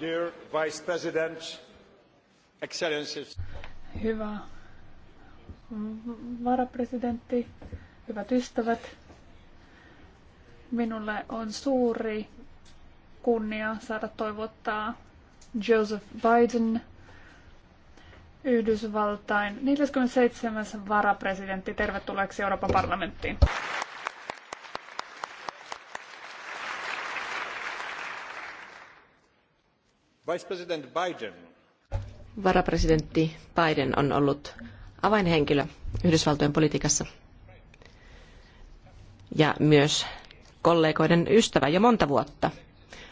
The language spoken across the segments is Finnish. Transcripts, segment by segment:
Dear Vice President, Excellencies. Hyvä varapresidentti, hyvät ystävät. Minulle on suuri kunnia saada toivottaa Joseph Biden Yhdysvaltain 47. varapresidentti tervetulleeksi Euroopan parlamenttiin. Varapresidentti Biden on ollut avainhenkilö Yhdysvaltojen politiikassa ja myös kollegoiden ystävä jo monta vuotta.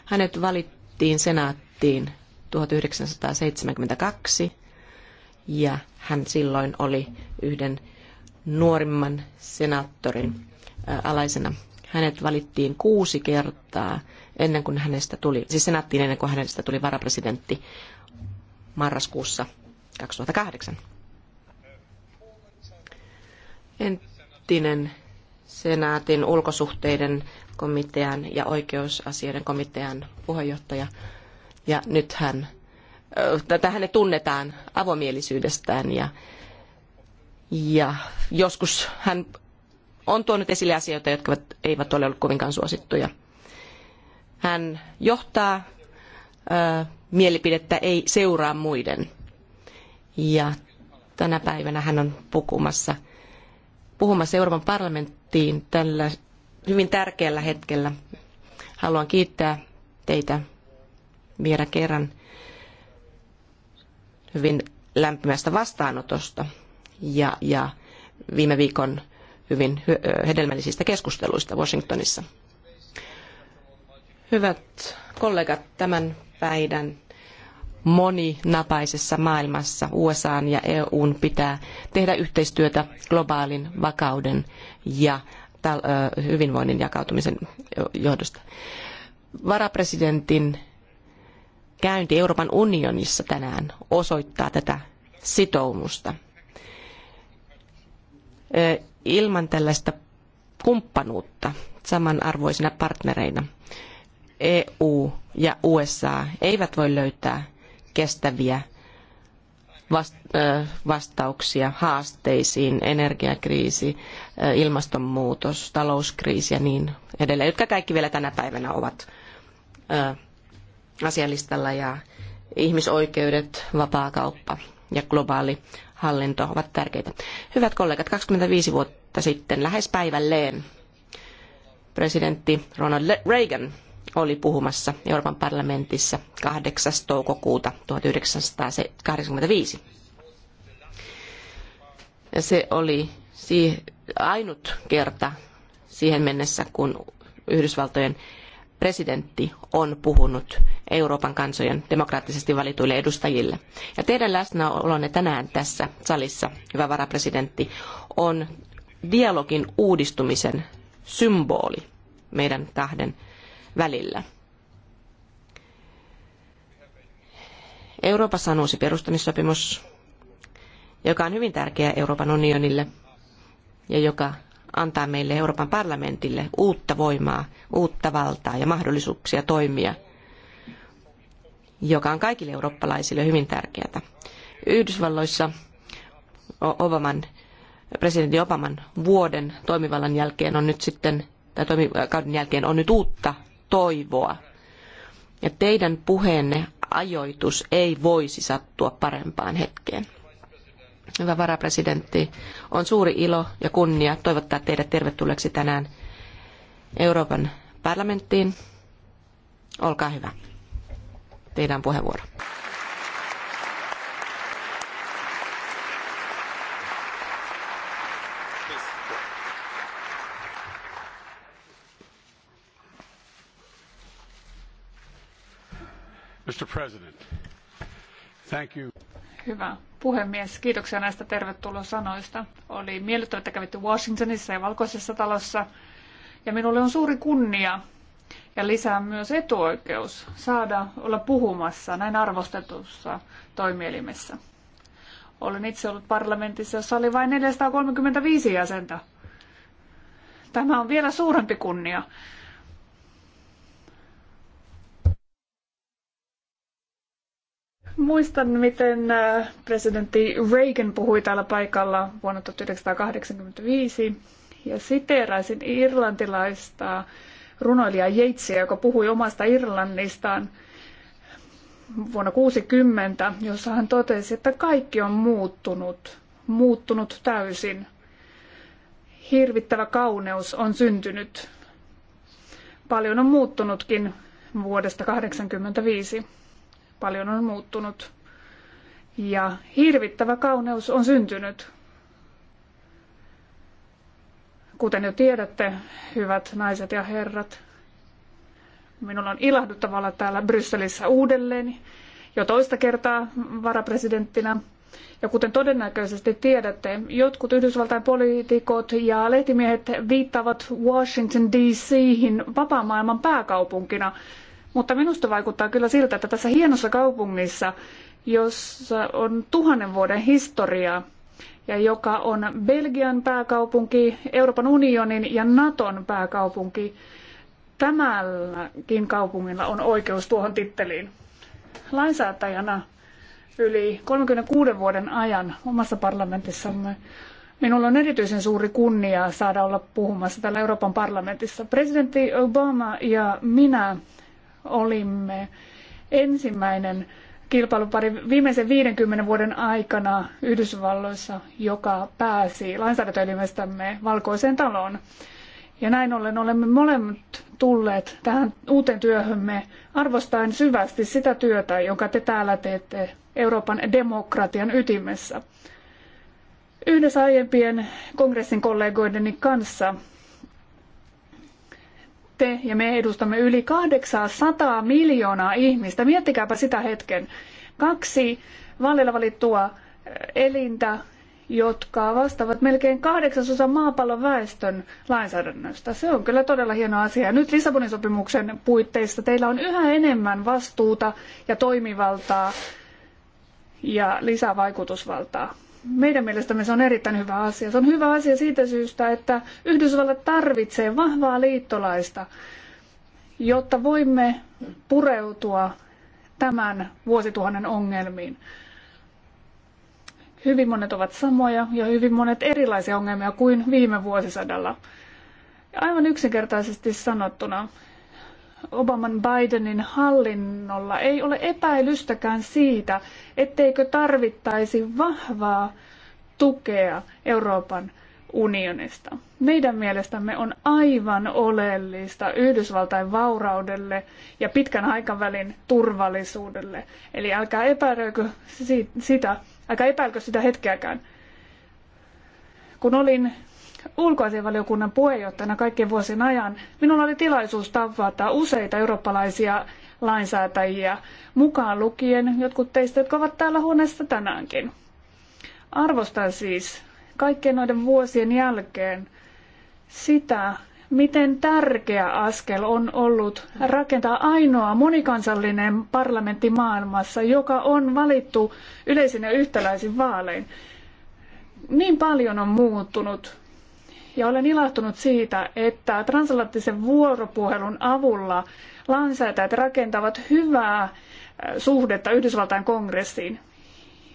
Hänet valittiin senaattiin 1972 ja hän silloin oli yhden nuorimman senaattorin alaisena. Hänet valittiin kuusi kertaa ennen kuin hänestä tuli, siis senaattiin ennen kuin hänestä tuli varapresidentti marraskuussa 2008. Entinen senaatin ulkosuhteiden komitean ja oikeusasioiden komitean puheenjohtaja. Ja nyt hän, tätä hänet tunnetaan avomielisyydestään ja, ja joskus hän on tuonut esille asioita, jotka eivät ole olleet kovinkaan suosittuja – hän johtaa mielipidettä, ei seuraa muiden. Ja tänä päivänä hän on pukumassa, puhumassa Euroopan parlamenttiin tällä hyvin tärkeällä hetkellä. Haluan kiittää teitä vielä kerran hyvin lämpimästä vastaanotosta ja, ja viime viikon hyvin hedelmällisistä keskusteluista Washingtonissa. Hyvät kollegat, tämän päivän moninapaisessa maailmassa USAn ja EUn pitää tehdä yhteistyötä globaalin vakauden ja hyvinvoinnin jakautumisen johdosta. Varapresidentin käynti Euroopan unionissa tänään osoittaa tätä sitoumusta. Ilman tällaista kumppanuutta samanarvoisina partnereina EU ja USA eivät voi löytää kestäviä vastauksia haasteisiin, energiakriisi, ilmastonmuutos, talouskriisi ja niin edelleen, jotka kaikki vielä tänä päivänä ovat asialistalla ja ihmisoikeudet, vapaakauppa ja globaali hallinto ovat tärkeitä. Hyvät kollegat, 25 vuotta sitten lähes päivälleen presidentti Ronald Reagan oli puhumassa Euroopan parlamentissa 8. toukokuuta 1985. Ja se oli ainut kerta siihen mennessä, kun Yhdysvaltojen presidentti on puhunut Euroopan kansojen demokraattisesti valituille edustajille. Ja teidän läsnäolonne tänään tässä salissa, hyvä varapresidentti, on dialogin uudistumisen symboli meidän kahden välillä. Euroopassa on uusi perustamissopimus, joka on hyvin tärkeä Euroopan unionille ja joka antaa meille Euroopan parlamentille uutta voimaa, uutta valtaa ja mahdollisuuksia toimia, joka on kaikille eurooppalaisille hyvin tärkeää. Yhdysvalloissa Obaman, presidentti Obaman vuoden toimivallan jälkeen on nyt sitten tai kauden jälkeen on nyt uutta toivoa. Ja teidän puheenne ajoitus ei voisi sattua parempaan hetkeen. Hyvä varapresidentti, on suuri ilo ja kunnia toivottaa teidät tervetulleeksi tänään Euroopan parlamenttiin. Olkaa hyvä. Teidän puheenvuoro. Mr. President. Thank you. Hyvä puhemies. Kiitoksia näistä tervetulosanoista. Oli miellyttävää, että kävitte Washingtonissa ja Valkoisessa talossa. Ja minulle on suuri kunnia ja lisää myös etuoikeus saada olla puhumassa näin arvostetussa toimielimessä. Olen itse ollut parlamentissa, jossa oli vain 435 jäsentä. Tämä on vielä suurempi kunnia. Muistan, miten äh, presidentti Reagan puhui täällä paikalla vuonna 1985 ja siteeraisin irlantilaista runoilija Yatesia, joka puhui omasta Irlannistaan vuonna 60, jossa hän totesi, että kaikki on muuttunut, muuttunut täysin. Hirvittävä kauneus on syntynyt. Paljon on muuttunutkin vuodesta 1985. Paljon on muuttunut ja hirvittävä kauneus on syntynyt. Kuten jo tiedätte, hyvät naiset ja herrat, minulla on ilahduttavalla täällä Brysselissä uudelleen jo toista kertaa varapresidenttinä. Ja kuten todennäköisesti tiedätte, jotkut Yhdysvaltain poliitikot ja lehtimiehet viittaavat Washington DC:hin vapaa-maailman pääkaupunkina – mutta minusta vaikuttaa kyllä siltä, että tässä hienossa kaupungissa, jossa on tuhannen vuoden historia ja joka on Belgian pääkaupunki, Euroopan unionin ja Naton pääkaupunki, tämälläkin kaupungilla on oikeus tuohon titteliin. Lainsäätäjänä yli 36 vuoden ajan omassa parlamentissamme Minulla on erityisen suuri kunnia saada olla puhumassa täällä Euroopan parlamentissa. Presidentti Obama ja minä olimme ensimmäinen kilpailupari viimeisen 50 vuoden aikana Yhdysvalloissa, joka pääsi lainsäädäntöelimestämme valkoiseen taloon. Ja näin ollen olemme molemmat tulleet tähän uuteen työhömme arvostaen syvästi sitä työtä, jonka te täällä teette Euroopan demokratian ytimessä. Yhdessä aiempien kongressin kollegoideni kanssa te ja me edustamme yli 800 miljoonaa ihmistä. Miettikääpä sitä hetken. Kaksi vaaleilla valittua eh, elintä, jotka vastaavat melkein kahdeksasosa maapallon väestön lainsäädännöstä. Se on kyllä todella hieno asia. Nyt Lissabonin sopimuksen puitteissa teillä on yhä enemmän vastuuta ja toimivaltaa ja lisää vaikutusvaltaa. Meidän mielestämme se on erittäin hyvä asia. Se on hyvä asia siitä syystä, että Yhdysvallat tarvitsee vahvaa liittolaista, jotta voimme pureutua tämän vuosituhannen ongelmiin. Hyvin monet ovat samoja ja hyvin monet erilaisia ongelmia kuin viime vuosisadalla. Aivan yksinkertaisesti sanottuna Obaman Bidenin hallinnolla ei ole epäilystäkään siitä, etteikö tarvittaisi vahvaa tukea Euroopan unionista. Meidän mielestämme on aivan oleellista Yhdysvaltain vauraudelle ja pitkän aikavälin turvallisuudelle. Eli älkää epäröikö sitä, älkää epäilkö sitä hetkeäkään. Kun olin ulkoasianvaliokunnan puheenjohtajana kaikkien vuosien ajan minulla oli tilaisuus tavata useita eurooppalaisia lainsäätäjiä, mukaan lukien jotkut teistä, jotka ovat täällä huoneessa tänäänkin. Arvostan siis kaikkien noiden vuosien jälkeen sitä, miten tärkeä askel on ollut rakentaa ainoa monikansallinen parlamentti maailmassa, joka on valittu yleisin ja yhtäläisin vaalein. Niin paljon on muuttunut ja olen ilahtunut siitä, että transatlanttisen vuoropuhelun avulla lainsäätäjät rakentavat hyvää äh, suhdetta Yhdysvaltain kongressiin.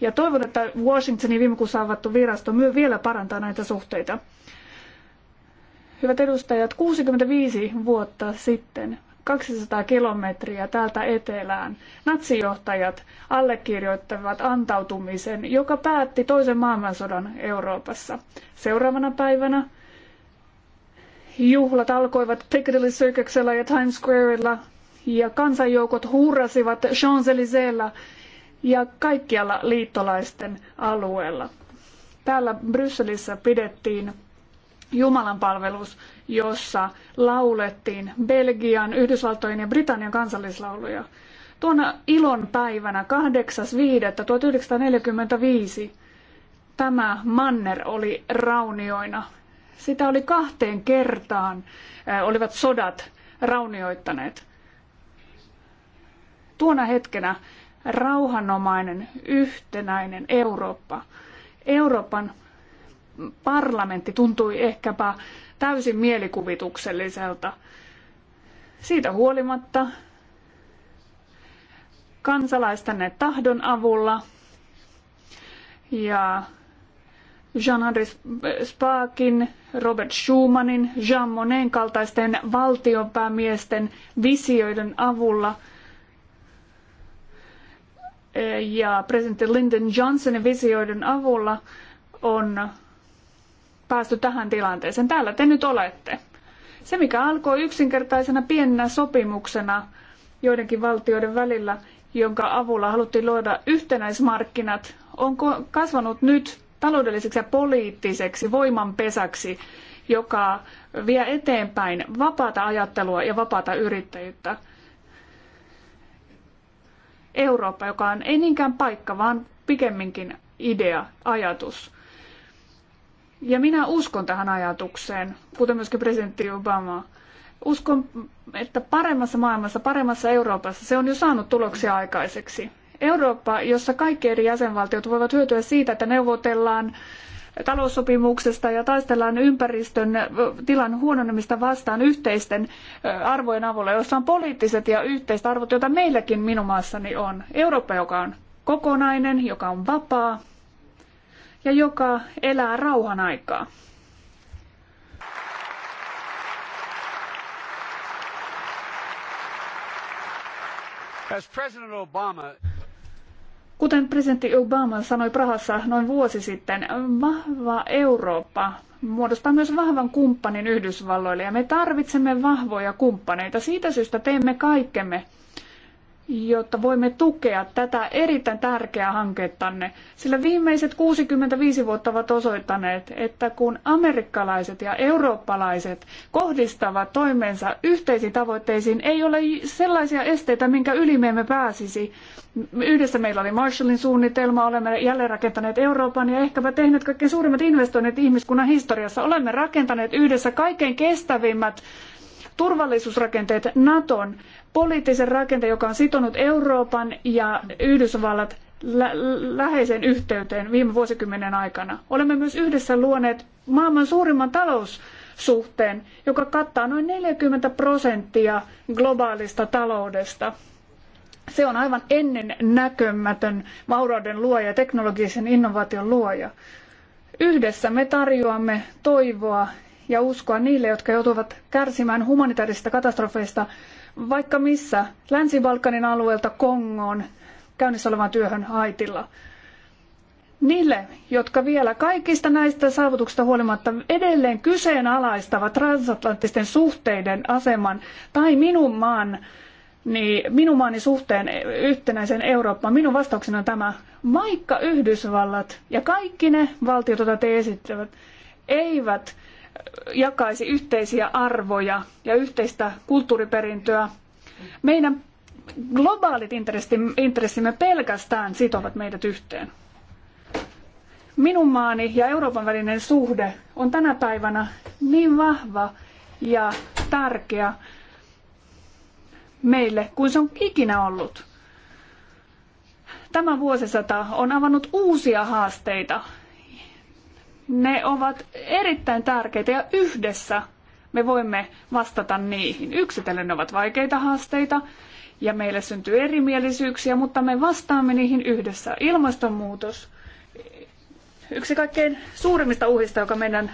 Ja toivon, että Washingtonin viime kuussa avattu virasto myö vielä parantaa näitä suhteita. Hyvät edustajat, 65 vuotta sitten 200 kilometriä täältä etelään natsijohtajat allekirjoittavat antautumisen, joka päätti toisen maailmansodan Euroopassa. Seuraavana päivänä Juhlat alkoivat Piccadilly Circusilla ja Times Squarella ja kansanjoukot hurrasivat Champs-Élysées ja kaikkialla liittolaisten alueella. Täällä Brysselissä pidettiin Jumalanpalvelus, jossa laulettiin Belgian, Yhdysvaltojen ja Britannian kansallislauluja. Tuona ilon päivänä 8.5.1945 tämä manner oli raunioina sitä oli kahteen kertaan, äh, olivat sodat raunioittaneet. Tuona hetkenä rauhanomainen, yhtenäinen Eurooppa. Euroopan parlamentti tuntui ehkäpä täysin mielikuvitukselliselta. Siitä huolimatta kansalaistanne tahdon avulla ja Jean-André Spakin, Robert Schumannin, Jean Monnetin kaltaisten valtionpäämiesten visioiden avulla ja presidentti Lyndon Johnsonin visioiden avulla on päästy tähän tilanteeseen. Täällä te nyt olette. Se, mikä alkoi yksinkertaisena pienenä sopimuksena joidenkin valtioiden välillä, jonka avulla haluttiin luoda yhtenäismarkkinat, on kasvanut nyt taloudelliseksi ja poliittiseksi voimanpesäksi, joka vie eteenpäin vapaata ajattelua ja vapaata yrittäjyyttä. Eurooppa, joka on ei niinkään paikka, vaan pikemminkin idea, ajatus. Ja minä uskon tähän ajatukseen, kuten myöskin presidentti Obama. Uskon, että paremmassa maailmassa, paremmassa Euroopassa se on jo saanut tuloksia aikaiseksi. Eurooppa, jossa kaikki eri jäsenvaltiot voivat hyötyä siitä, että neuvotellaan taloussopimuksesta ja taistellaan ympäristön tilan huononemista vastaan yhteisten arvojen avulla, jossa on poliittiset ja yhteiset arvot, joita meilläkin minun maassani on. Eurooppa, joka on kokonainen, joka on vapaa ja joka elää rauhan aikaa. As President Obama Kuten presidentti Obama sanoi Prahassa noin vuosi sitten, vahva Eurooppa muodostaa myös vahvan kumppanin Yhdysvalloille ja me tarvitsemme vahvoja kumppaneita. Siitä syystä teemme kaikkemme, jotta voimme tukea tätä erittäin tärkeää hankettanne, sillä viimeiset 65 vuotta ovat osoittaneet, että kun amerikkalaiset ja eurooppalaiset kohdistavat toimensa yhteisiin tavoitteisiin, ei ole sellaisia esteitä, minkä yli me emme pääsisi. Yhdessä meillä oli Marshallin suunnitelma, olemme jälleenrakentaneet Euroopan ja ehkäpä tehneet kaikkein suurimmat investoinnit ihmiskunnan historiassa. Olemme rakentaneet yhdessä kaikkein kestävimmät turvallisuusrakenteet Naton, poliittisen rakenteen, joka on sitonut Euroopan ja Yhdysvallat lä- läheiseen yhteyteen viime vuosikymmenen aikana. Olemme myös yhdessä luoneet maailman suurimman taloussuhteen, joka kattaa noin 40 prosenttia globaalista taloudesta. Se on aivan ennen näkömätön vaurauden luoja ja teknologisen innovaation luoja. Yhdessä me tarjoamme toivoa ja uskoa niille, jotka joutuvat kärsimään humanitaarisista katastrofeista vaikka missä, Länsi-Balkanin alueelta Kongoon, käynnissä olevaan työhön Haitilla. Niille, jotka vielä kaikista näistä saavutuksista huolimatta edelleen kyseenalaistavat transatlanttisten suhteiden aseman tai minun maan niin minun maani suhteen yhtenäisen Eurooppaan, minun vastaukseni on tämä, vaikka Yhdysvallat ja kaikki ne valtiot, joita te esittävät, eivät jakaisi yhteisiä arvoja ja yhteistä kulttuuriperintöä. Meidän globaalit intressimme pelkästään sitovat meidät yhteen. Minun maani ja Euroopan välinen suhde on tänä päivänä niin vahva ja tärkeä meille kuin se on ikinä ollut. Tämä vuosisata on avannut uusia haasteita ne ovat erittäin tärkeitä ja yhdessä me voimme vastata niihin. Yksitellen ne ovat vaikeita haasteita ja meille syntyy erimielisyyksiä, mutta me vastaamme niihin yhdessä. Ilmastonmuutos, yksi kaikkein suurimmista uhista, joka meidän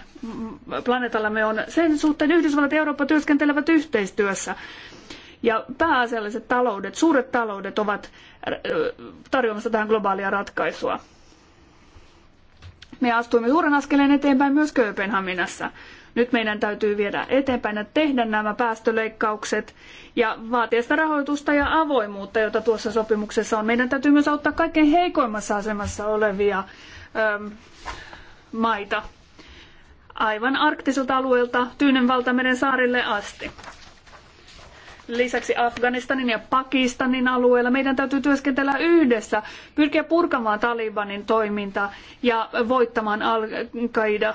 planeetallamme on. Sen suhteen Yhdysvallat ja Eurooppa työskentelevät yhteistyössä. Ja pääasialliset taloudet, suuret taloudet ovat tarjoamassa tähän globaalia ratkaisua. Me astuimme suuren askeleen eteenpäin myös Kööpenhaminassa. Nyt meidän täytyy viedä eteenpäin ja tehdä nämä päästöleikkaukset ja vaatia sitä rahoitusta ja avoimuutta, jota tuossa sopimuksessa on. Meidän täytyy myös auttaa kaikkein heikoimmassa asemassa olevia öö, maita aivan arktisilta alueilta Tyynenvaltameren saarille asti. Lisäksi Afganistanin ja Pakistanin alueella meidän täytyy työskentellä yhdessä, pyrkiä purkamaan Talibanin toimintaa ja voittamaan Al-Qaida.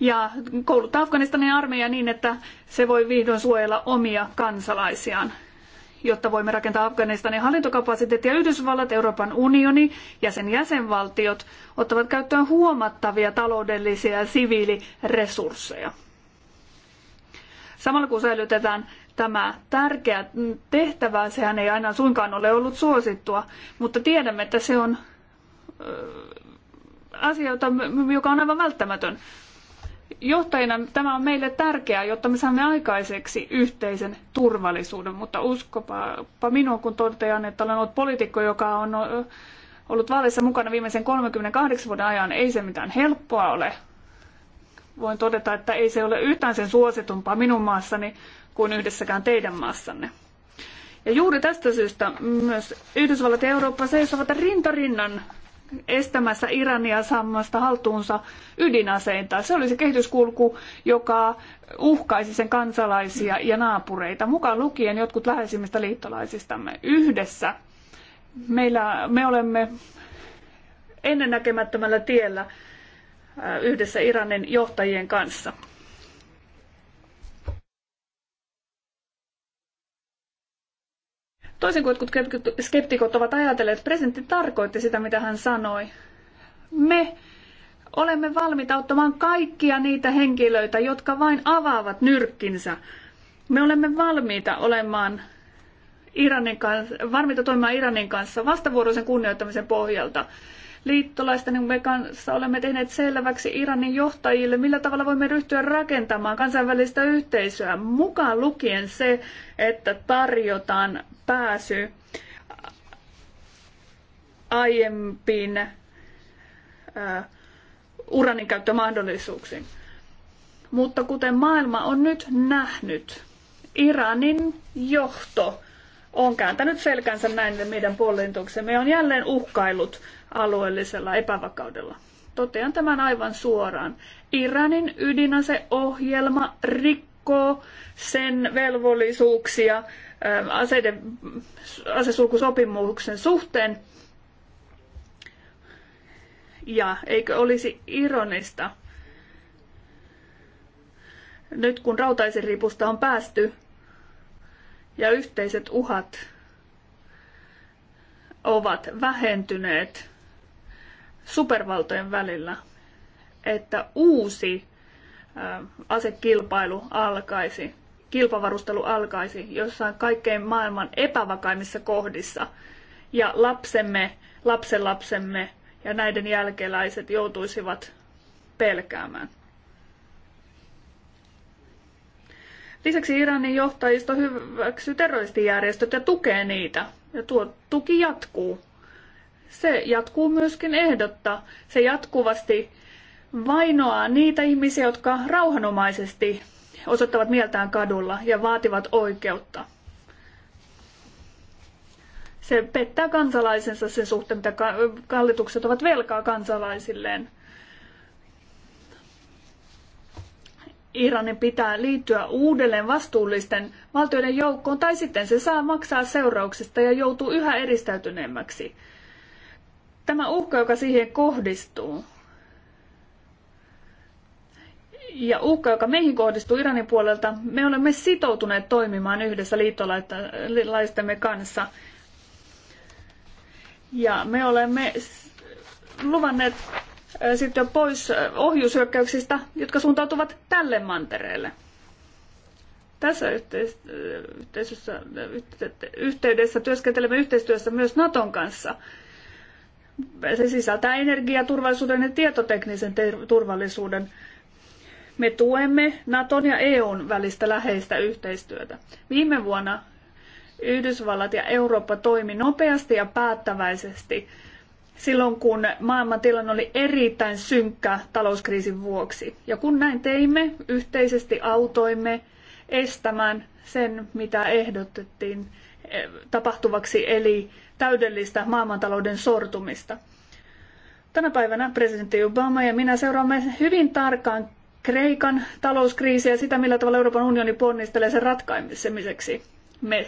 Ja kouluttaa Afganistanin armeija niin, että se voi vihdoin suojella omia kansalaisiaan jotta voimme rakentaa Afganistanin hallintokapasiteettia. Yhdysvallat, Euroopan unioni ja sen jäsenvaltiot ottavat käyttöön huomattavia taloudellisia ja siviiliresursseja. Samalla kun säilytetään tämä tärkeä tehtävä, sehän ei aina suinkaan ole ollut suosittua, mutta tiedämme, että se on asia, joka on aivan välttämätön. Johtajina tämä on meille tärkeää, jotta me saamme aikaiseksi yhteisen turvallisuuden, mutta uskopa minua, kun totean, että olen ollut poliitikko, joka on ollut vaaleissa mukana viimeisen 38 vuoden ajan. Ei se mitään helppoa ole, voin todeta, että ei se ole yhtään sen suositumpaa minun maassani kuin yhdessäkään teidän maassanne. Ja juuri tästä syystä myös Yhdysvallat ja Eurooppa seisovat rintarinnan estämässä Irania saamasta haltuunsa ydinaseita. Se olisi kehityskulku, joka uhkaisi sen kansalaisia ja naapureita, mukaan lukien jotkut läheisimmistä liittolaisistamme yhdessä. Meillä, me olemme ennennäkemättömällä tiellä Äh, yhdessä Iranin johtajien kanssa. Toisin kuin jotkut skeptikot ovat ajatelleet, presidentti tarkoitti sitä, mitä hän sanoi. Me olemme valmiita auttamaan kaikkia niitä henkilöitä, jotka vain avaavat nyrkkinsä. Me olemme valmiita olemaan Iranin kanssa, valmiita toimimaan Iranin kanssa vastavuoroisen kunnioittamisen pohjalta liittolaisten kanssa olemme tehneet selväksi Iranin johtajille, millä tavalla voimme ryhtyä rakentamaan kansainvälistä yhteisöä, mukaan lukien se, että tarjotaan pääsy aiempiin äh, uranin käyttömahdollisuuksiin. Mutta kuten maailma on nyt nähnyt, Iranin johto on kääntänyt selkänsä näin meidän puolentuksemme ja on jälleen uhkailut alueellisella epävakaudella. Totean tämän aivan suoraan. Iranin ydinaseohjelma rikkoo sen velvollisuuksia ähm, aseiden, asesulkusopimuksen suhteen. Ja eikö olisi ironista, nyt kun rautaisiripusta on päästy ja yhteiset uhat ovat vähentyneet supervaltojen välillä, että uusi asekilpailu alkaisi, kilpavarustelu alkaisi jossain kaikkein maailman epävakaimmissa kohdissa. Ja lapsemme, lapsenlapsemme ja näiden jälkeläiset joutuisivat pelkäämään. Lisäksi Iranin johtajisto hyväksyy terroristijärjestöt ja tukee niitä. Ja tuo tuki jatkuu. Se jatkuu myöskin ehdotta. Se jatkuvasti vainoaa niitä ihmisiä, jotka rauhanomaisesti osoittavat mieltään kadulla ja vaativat oikeutta. Se pettää kansalaisensa sen suhteen, mitä hallitukset ovat velkaa kansalaisilleen – Iranin pitää liittyä uudelleen vastuullisten valtioiden joukkoon, tai sitten se saa maksaa seurauksista ja joutuu yhä eristäytyneemmäksi. Tämä uhka, joka siihen kohdistuu, ja uhka, joka meihin kohdistuu Iranin puolelta, me olemme sitoutuneet toimimaan yhdessä liittolaistemme kanssa. Ja me olemme luvanneet siirtyä pois ohjushyökkäyksistä, jotka suuntautuvat tälle mantereelle. Tässä yhteydessä työskentelemme yhteistyössä myös Naton kanssa. Se sisältää energiaturvallisuuden ja tietoteknisen turvallisuuden. Me tuemme Naton ja EUn välistä läheistä yhteistyötä. Viime vuonna Yhdysvallat ja Eurooppa toimi nopeasti ja päättäväisesti silloin, kun maailmantilanne oli erittäin synkkä talouskriisin vuoksi. Ja kun näin teimme, yhteisesti autoimme estämään sen, mitä ehdotettiin eh, tapahtuvaksi, eli täydellistä maailmantalouden sortumista. Tänä päivänä presidentti Obama ja minä seuraamme hyvin tarkkaan Kreikan talouskriisiä ja sitä, millä tavalla Euroopan unioni ponnistelee sen ratkaisemiseksi. Me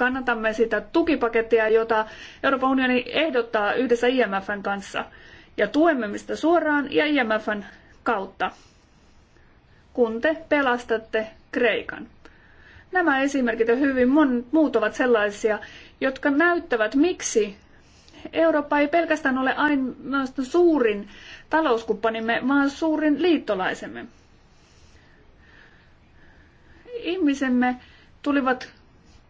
kannatamme sitä tukipakettia, jota Euroopan unioni ehdottaa yhdessä IMFn kanssa. Ja tuemme sitä suoraan ja IMFn kautta, kun te pelastatte Kreikan. Nämä esimerkit ja hyvin monet muut ovat sellaisia, jotka näyttävät, miksi Eurooppa ei pelkästään ole ainoastaan suurin talouskumppanimme, vaan suurin liittolaisemme. Ihmisemme tulivat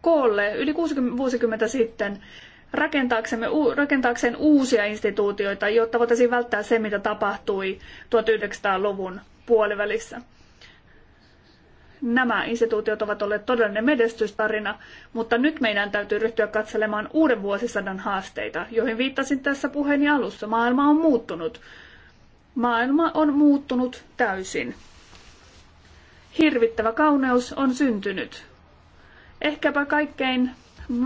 koolle yli 60 vuosikymmentä sitten rakentaaksemme, rakentaakseen uusia instituutioita, jotta voitaisiin välttää se, mitä tapahtui 1900-luvun puolivälissä. Nämä instituutiot ovat olleet todellinen menestystarina, mutta nyt meidän täytyy ryhtyä katselemaan uuden vuosisadan haasteita, joihin viittasin tässä puheeni alussa. Maailma on muuttunut. Maailma on muuttunut täysin. Hirvittävä kauneus on syntynyt. Ehkäpä kaikkein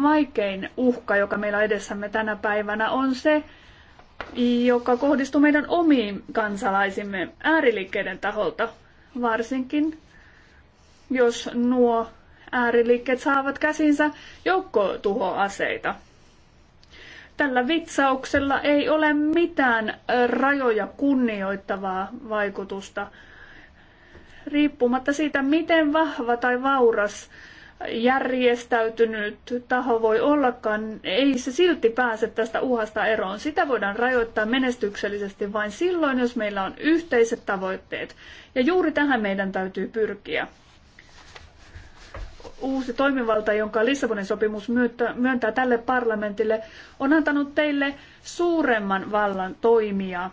vaikein uhka, joka meillä edessämme tänä päivänä, on se, joka kohdistuu meidän omiin kansalaisimme ääriliikkeiden taholta, varsinkin jos nuo ääriliikkeet saavat käsinsä joukkotuhoaseita. Tällä vitsauksella ei ole mitään rajoja kunnioittavaa vaikutusta, riippumatta siitä, miten vahva tai vauras järjestäytynyt taho voi ollakaan, ei se silti pääse tästä uhasta eroon. Sitä voidaan rajoittaa menestyksellisesti vain silloin, jos meillä on yhteiset tavoitteet. Ja juuri tähän meidän täytyy pyrkiä. Uusi toimivalta, jonka Lissabonin sopimus myöntää tälle parlamentille, on antanut teille suuremman vallan toimia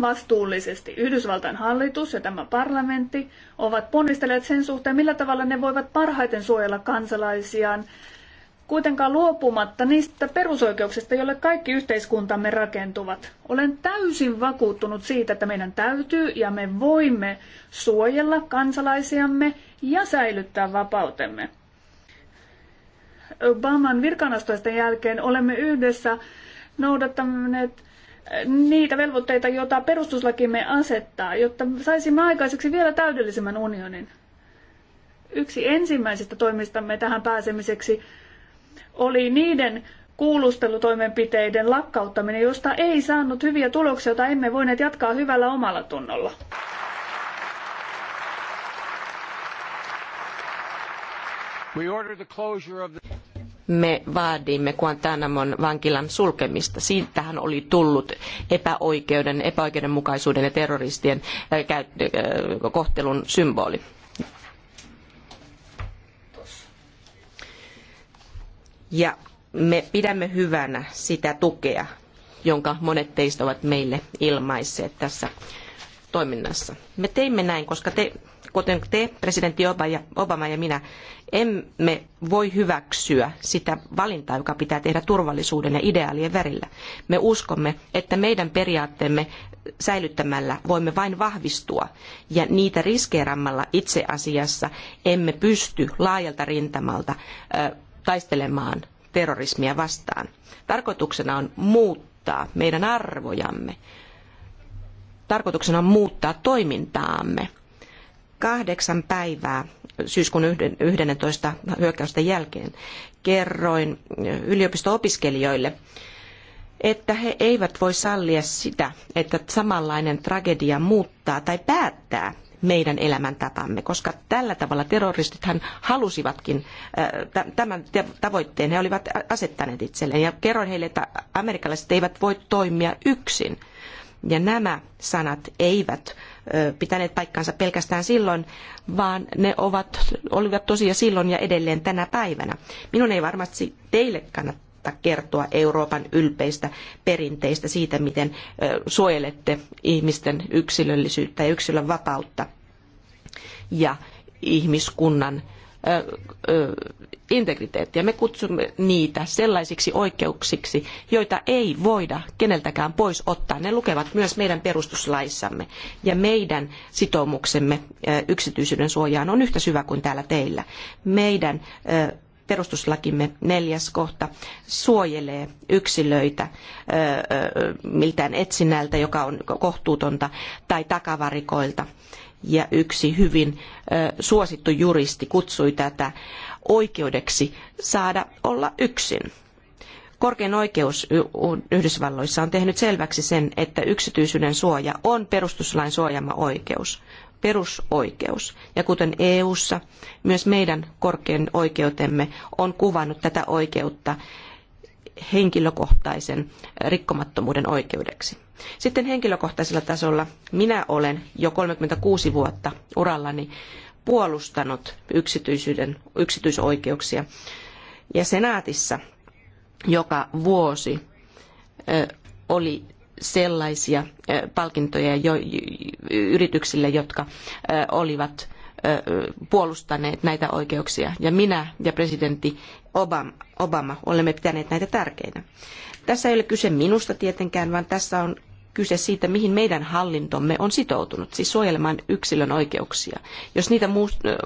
vastuullisesti. Yhdysvaltain hallitus ja tämä parlamentti ovat ponnistelleet sen suhteen, millä tavalla ne voivat parhaiten suojella kansalaisiaan, kuitenkaan luopumatta niistä perusoikeuksista, joille kaikki yhteiskuntamme rakentuvat. Olen täysin vakuuttunut siitä, että meidän täytyy ja me voimme suojella kansalaisiamme ja säilyttää vapautemme. Obaman virkaanastuisten jälkeen olemme yhdessä noudattaneet niitä velvoitteita, joita perustuslakimme asettaa, jotta saisimme aikaiseksi vielä täydellisemmän unionin. Yksi ensimmäisistä toimistamme tähän pääsemiseksi oli niiden kuulustelutoimenpiteiden lakkauttaminen, josta ei saanut hyviä tuloksia, joita emme voineet jatkaa hyvällä omalla tunnolla me vaadimme Guantanamon vankilan sulkemista. Siitähän oli tullut epäoikeuden, epäoikeudenmukaisuuden ja terroristien kohtelun symboli. Ja me pidämme hyvänä sitä tukea, jonka monet teistä ovat meille ilmaisseet tässä toiminnassa. Me teimme näin, koska te kuten te, presidentti Obama ja minä, emme voi hyväksyä sitä valintaa, joka pitää tehdä turvallisuuden ja ideaalien välillä. Me uskomme, että meidän periaatteemme säilyttämällä voimme vain vahvistua ja niitä riskeeraamalla itse asiassa emme pysty laajalta rintamalta taistelemaan terrorismia vastaan. Tarkoituksena on muuttaa meidän arvojamme. Tarkoituksena on muuttaa toimintaamme kahdeksan päivää syyskuun 11. hyökkäysten jälkeen kerroin yliopisto-opiskelijoille, että he eivät voi sallia sitä, että samanlainen tragedia muuttaa tai päättää meidän elämäntapamme, koska tällä tavalla terroristithan halusivatkin äh, tämän tavoitteen, he olivat asettaneet itselleen. Ja kerroin heille, että amerikkalaiset eivät voi toimia yksin. Ja nämä sanat eivät pitäneet paikkansa pelkästään silloin, vaan ne ovat, olivat tosia silloin ja edelleen tänä päivänä. Minun ei varmasti teille kannata kertoa Euroopan ylpeistä perinteistä siitä, miten suojelette ihmisten yksilöllisyyttä ja yksilön vapautta ja ihmiskunnan integriteettiä. Me kutsumme niitä sellaisiksi oikeuksiksi, joita ei voida keneltäkään pois ottaa. Ne lukevat myös meidän perustuslaissamme. Ja meidän sitoumuksemme yksityisyyden suojaan on yhtä syvä kuin täällä teillä. Meidän perustuslakimme neljäs kohta suojelee yksilöitä miltään etsinnältä, joka on kohtuutonta, tai takavarikoilta ja yksi hyvin suosittu juristi kutsui tätä oikeudeksi saada olla yksin. Korkein oikeus Yhdysvalloissa on tehnyt selväksi sen, että yksityisyyden suoja on perustuslain suojaama oikeus, perusoikeus. Ja kuten EU:ssa, myös meidän korkein oikeutemme on kuvannut tätä oikeutta henkilökohtaisen äh, rikkomattomuuden oikeudeksi. Sitten henkilökohtaisella tasolla minä olen jo 36 vuotta urallani puolustanut yksityisyyden, yksityisoikeuksia. Ja senaatissa joka vuosi äh, oli sellaisia äh, palkintoja yrityksille, jotka olivat puolustaneet näitä oikeuksia. Ja minä ja presidentti Obama, Obama olemme pitäneet näitä tärkeinä. Tässä ei ole kyse minusta tietenkään, vaan tässä on kyse siitä, mihin meidän hallintomme on sitoutunut, siis suojelemaan yksilön oikeuksia. Jos niitä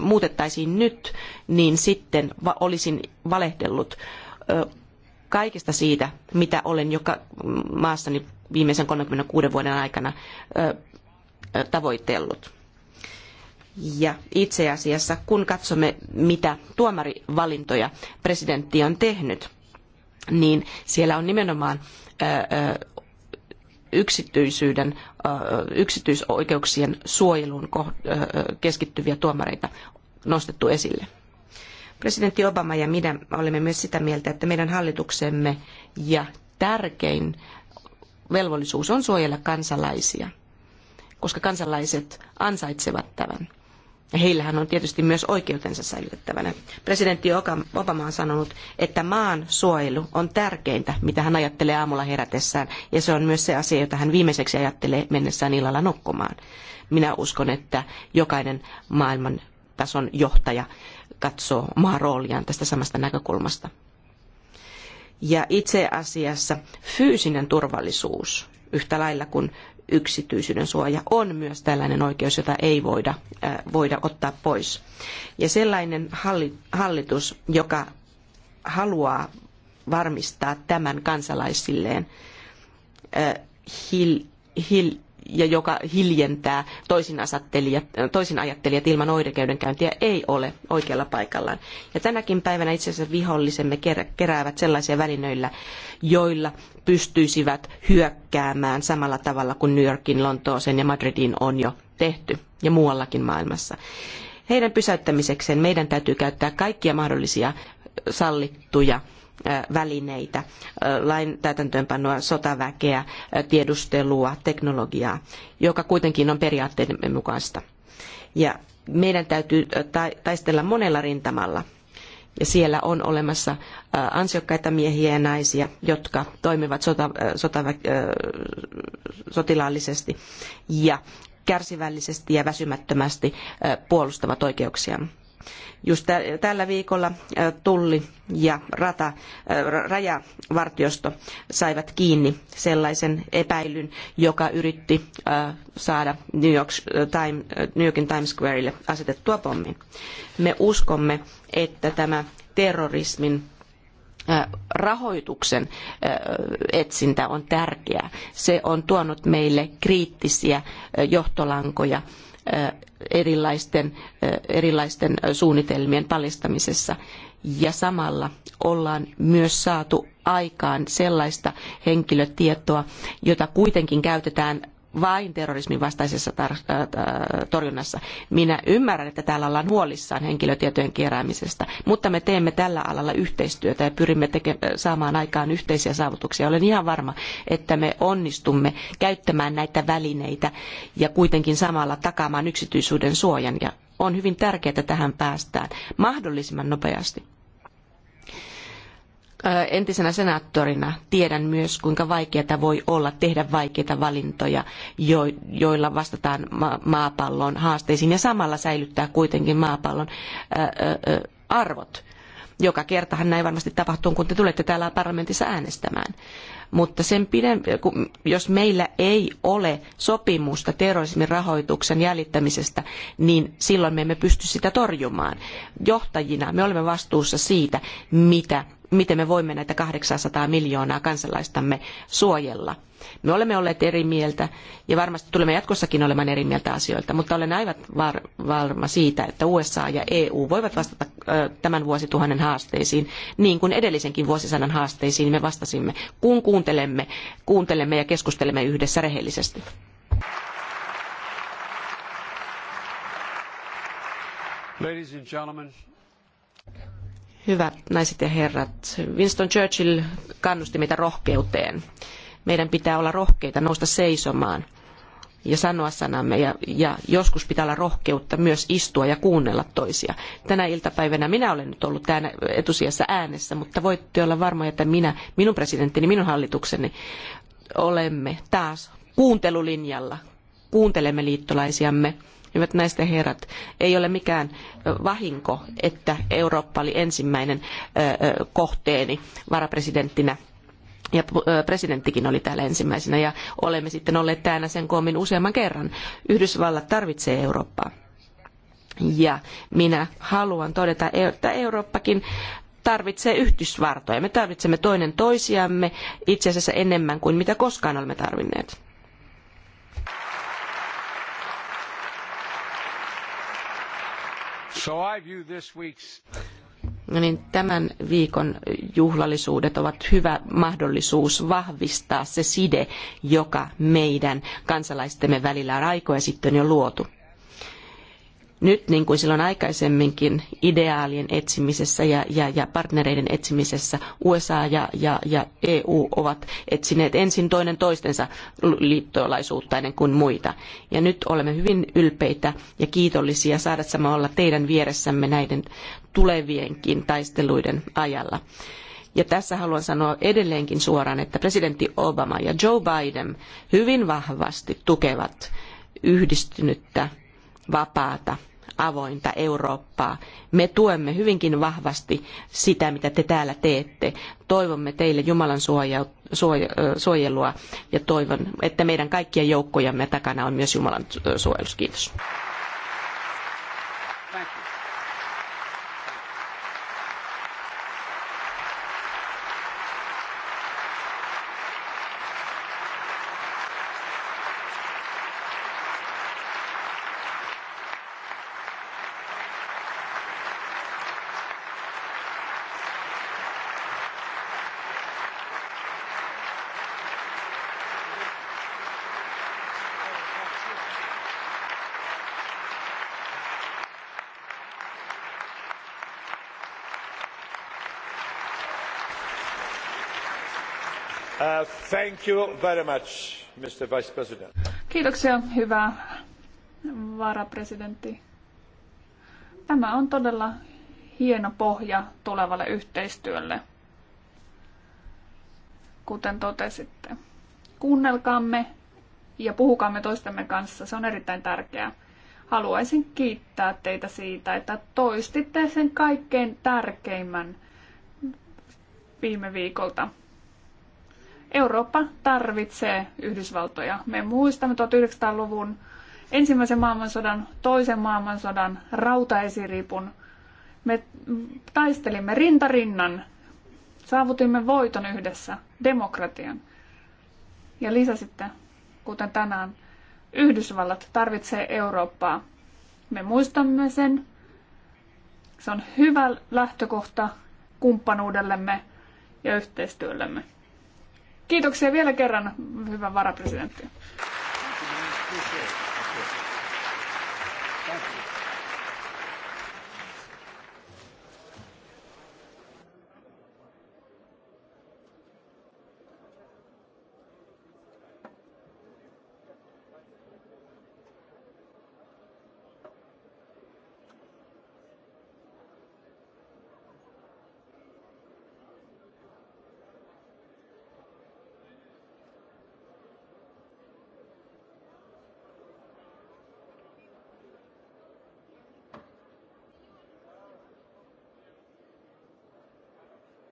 muutettaisiin nyt, niin sitten olisin valehdellut kaikesta siitä, mitä olen joka maassani viimeisen 36 vuoden aikana tavoitellut. Ja itse asiassa, kun katsomme, mitä tuomarivalintoja presidentti on tehnyt, niin siellä on nimenomaan yksityisyyden, yksityisoikeuksien suojeluun keskittyviä tuomareita nostettu esille. Presidentti Obama ja minä olemme myös sitä mieltä, että meidän hallituksemme ja tärkein velvollisuus on suojella kansalaisia, koska kansalaiset ansaitsevat tämän heillähän on tietysti myös oikeutensa säilytettävänä. Presidentti Obama on sanonut, että maan suojelu on tärkeintä, mitä hän ajattelee aamulla herätessään, ja se on myös se asia, jota hän viimeiseksi ajattelee mennessään illalla nukkumaan. Minä uskon, että jokainen maailman tason johtaja katsoo omaa rooliaan tästä samasta näkökulmasta. Ja itse asiassa fyysinen turvallisuus yhtä lailla kuin yksityisyyden suoja on myös tällainen oikeus, jota ei voida, voida ottaa pois. Ja sellainen hallitus, joka haluaa varmistaa tämän kansalaisilleen, hil, hil, ja joka hiljentää toisinajattelijat, äh, toisinajattelijat ilman oikeudenkäyntiä ei ole oikealla paikallaan. Ja tänäkin päivänä itse asiassa vihollisemme keräävät sellaisia välineillä, joilla pystyisivät hyökkäämään samalla tavalla kuin New Yorkin, Lontooseen ja Madridiin on jo tehty ja muuallakin maailmassa. Heidän pysäyttämisekseen meidän täytyy käyttää kaikkia mahdollisia sallittuja välineitä, lain täytäntöönpanoa, sotaväkeä, tiedustelua, teknologiaa, joka kuitenkin on periaatteiden mukaista. Ja meidän täytyy taistella monella rintamalla. Ja siellä on olemassa ansiokkaita miehiä ja naisia, jotka toimivat sota, sota, sotilaallisesti ja kärsivällisesti ja väsymättömästi puolustavat oikeuksiaan Just tällä viikolla tulli ja rata, rajavartiosto saivat kiinni sellaisen epäilyn, joka yritti saada New, York, Time, New Yorkin Times Squarelle asetettua pommin. Me uskomme, että tämä terrorismin rahoituksen etsintä on tärkeää. Se on tuonut meille kriittisiä johtolankoja erilaisten, erilaisten suunnitelmien paljastamisessa. Ja samalla ollaan myös saatu aikaan sellaista henkilötietoa, jota kuitenkin käytetään vain terrorismin vastaisessa äh, äh, torjunnassa. Minä ymmärrän, että täällä ollaan huolissaan henkilötietojen keräämisestä, mutta me teemme tällä alalla yhteistyötä ja pyrimme äh, saamaan aikaan yhteisiä saavutuksia. Olen ihan varma, että me onnistumme käyttämään näitä välineitä ja kuitenkin samalla takaamaan yksityisyyden suojan ja on hyvin tärkeää, että tähän päästään mahdollisimman nopeasti entisenä senaattorina tiedän myös, kuinka vaikeaa voi olla tehdä vaikeita valintoja, joilla vastataan maapallon haasteisiin ja samalla säilyttää kuitenkin maapallon arvot. Joka kertahan näin varmasti tapahtuu, kun te tulette täällä parlamentissa äänestämään. Mutta sen pidempi, jos meillä ei ole sopimusta terrorismin rahoituksen jäljittämisestä, niin silloin me emme pysty sitä torjumaan. Johtajina me olemme vastuussa siitä, mitä miten me voimme näitä 800 miljoonaa kansalaistamme suojella. Me olemme olleet eri mieltä ja varmasti tulemme jatkossakin olemaan eri mieltä asioista, mutta olen aivan varma siitä, että USA ja EU voivat vastata tämän vuosituhannen haasteisiin niin kuin edellisenkin vuosisadan haasteisiin me vastasimme, kun kuuntelemme, kuuntelemme ja keskustelemme yhdessä rehellisesti. Ladies and gentlemen, Hyvät naiset ja herrat, Winston Churchill kannusti meitä rohkeuteen. Meidän pitää olla rohkeita nousta seisomaan ja sanoa sanamme ja, ja joskus pitää olla rohkeutta myös istua ja kuunnella toisia. Tänä iltapäivänä minä olen nyt ollut täällä etusijassa äänessä, mutta voitte olla varmoja, että minä, minun presidenttini, minun hallitukseni olemme taas kuuntelulinjalla. Kuuntelemme liittolaisiamme Hyvät naiset ja herrat, ei ole mikään vahinko, että Eurooppa oli ensimmäinen kohteeni varapresidenttinä ja presidenttikin oli täällä ensimmäisenä ja olemme sitten olleet täällä sen koommin useamman kerran. Yhdysvallat tarvitsee Eurooppaa. Ja minä haluan todeta, e, että Eurooppakin tarvitsee yhdysvartoja. Me tarvitsemme toinen toisiamme itse asiassa enemmän kuin mitä koskaan olemme tarvinneet. So I view this week's... No niin tämän viikon juhlallisuudet ovat hyvä mahdollisuus vahvistaa se side, joka meidän kansalaistemme välillä on aikoja sitten jo luotu nyt niin kuin silloin aikaisemminkin ideaalien etsimisessä ja, ja, ja partnereiden etsimisessä USA ja, ja, ja EU ovat etsineet ensin toinen toistensa liittolaisuutta ennen kuin muita. Ja nyt olemme hyvin ylpeitä ja kiitollisia saadessamme olla teidän vieressämme näiden tulevienkin taisteluiden ajalla. Ja tässä haluan sanoa edelleenkin suoraan, että presidentti Obama ja Joe Biden hyvin vahvasti tukevat yhdistynyttä, vapaata avointa Eurooppaa. Me tuemme hyvinkin vahvasti sitä, mitä te täällä teette. Toivomme teille Jumalan suoja, suoja, suojelua ja toivon, että meidän kaikkien joukkojamme takana on myös Jumalan suojelus. Kiitos. Uh, Kiitoksia, hyvä varapresidentti. Tämä on todella hieno pohja tulevalle yhteistyölle, kuten totesitte. Kuunnelkaamme ja puhukaamme toistemme kanssa, se on erittäin tärkeää. Haluaisin kiittää teitä siitä, että toistitte sen kaikkein tärkeimmän viime viikolta. Eurooppa tarvitsee Yhdysvaltoja. Me muistamme 1900-luvun ensimmäisen maailmansodan, toisen maailmansodan, rautaesiripun. Me taistelimme rintarinnan, saavutimme voiton yhdessä, demokratian. Ja lisäsitte, kuten tänään, Yhdysvallat tarvitsee Eurooppaa. Me muistamme sen. Se on hyvä lähtökohta kumppanuudellemme ja yhteistyöllemme. Kiitoksia vielä kerran, hyvä varapresidentti.